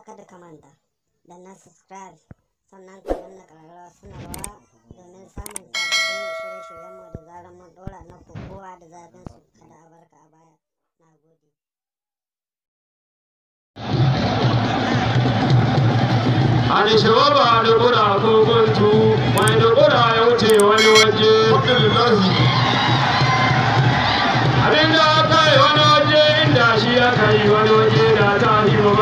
kuma kada ka manta da na subscribe sannan ka danna ƙararrawa sanarwa domin samun sababbin shirye-shiryenmu da zarar mun ɗora na kowa da zafin su kada a barka a baya na gode Ani shawaba da kura ko guntu, wani da kura ya wuce wani waje. Alhamdulillah.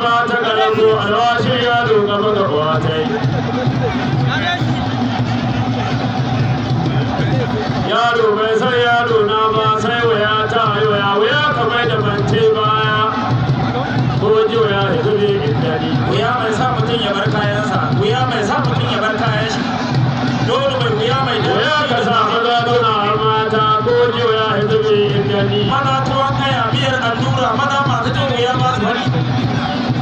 ba ta kalango alwashin yaro gaba ga kwatai yaro bai san yaro na ba sai waya ta waya waya kamar da bance baya ko ji waya da zube daɗi. wuya mai sa mutum ya bar kayansa wuya mai sa mutum ya bar kayan shi dole mai wuya mai da wuya ka sa maza dona mata ko ji waya da zube daɗi. mana tuwon kaya biyar allura mana masu jin wuya ba bari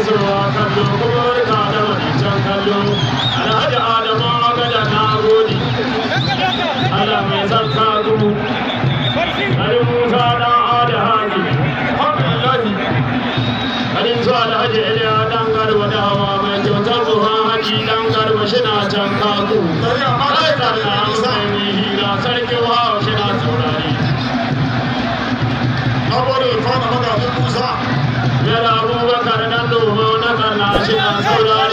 isowa kallo kuma barka da wancan kallo alhaji adamu gada na gode Allah mai zarka gudu Ali Musa da Ada Haji da dan garba da hawa mai Haji dan garba shi na can kaku. Kai a ma'aikata da mai hira sarki wa Lord.